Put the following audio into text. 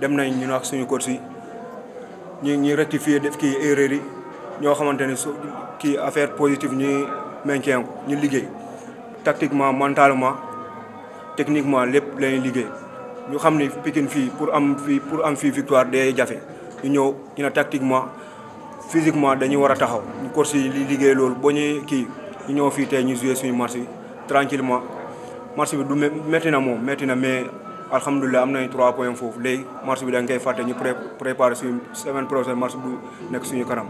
dem nañ ñu wax suñu course yi ñu ñu rectifier def ki erreur yi ñoo xamanteni ki affaire positive ñu maintien ko ñu liggéey tactiquement mentalement techniquement lepp lañ liggéey ñu xam ni Pikine fii pour am fii pour am fii victoire day jafe ñu ñëw ñu ne tactiquement physiquement dañu war a taxaw ñu course yi li liggéey loolu boo ñuy kii ñu ñëw fii tey ñu joué suñu match bi tranquillement match bi du métti na moom métti na mais alhamdulilah am nañu 3 points foofu léegi match bi da nga koy fàtte ñu préparé suñu semaine prochaine match bu nekk suñu kanam.